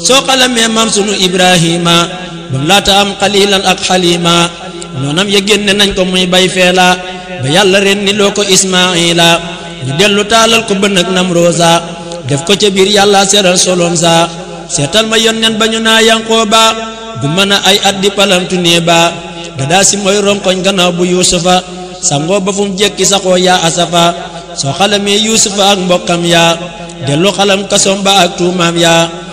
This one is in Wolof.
soo xalamee maam sunu ibrahima bam laata am xalilan ak xalima noonam ya génne nañ ko muy bay feela ba yàlla ren ni loo ko ismaila ñu dellu taalal ko bënn ak namrosa def ko ca biir yàlla seral solom sa seetal ma yonnen ba ñu naa yanqooba gu mën ay at di palantu nee ba dadaa si mooy ronkoñ gannaaw bu yuusufa sangoo ba fum jekki saxoo yaa asafa soo xalamee yuusufa ak mbokkam yaa delloo xalam kasoom ba ak tuumaam yaa